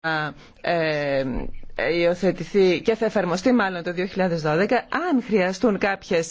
Ε, ε, υιοθετηθεί και θα εφαρμοστεί μάλλον το 2012, αν χρειαστούν κάποιες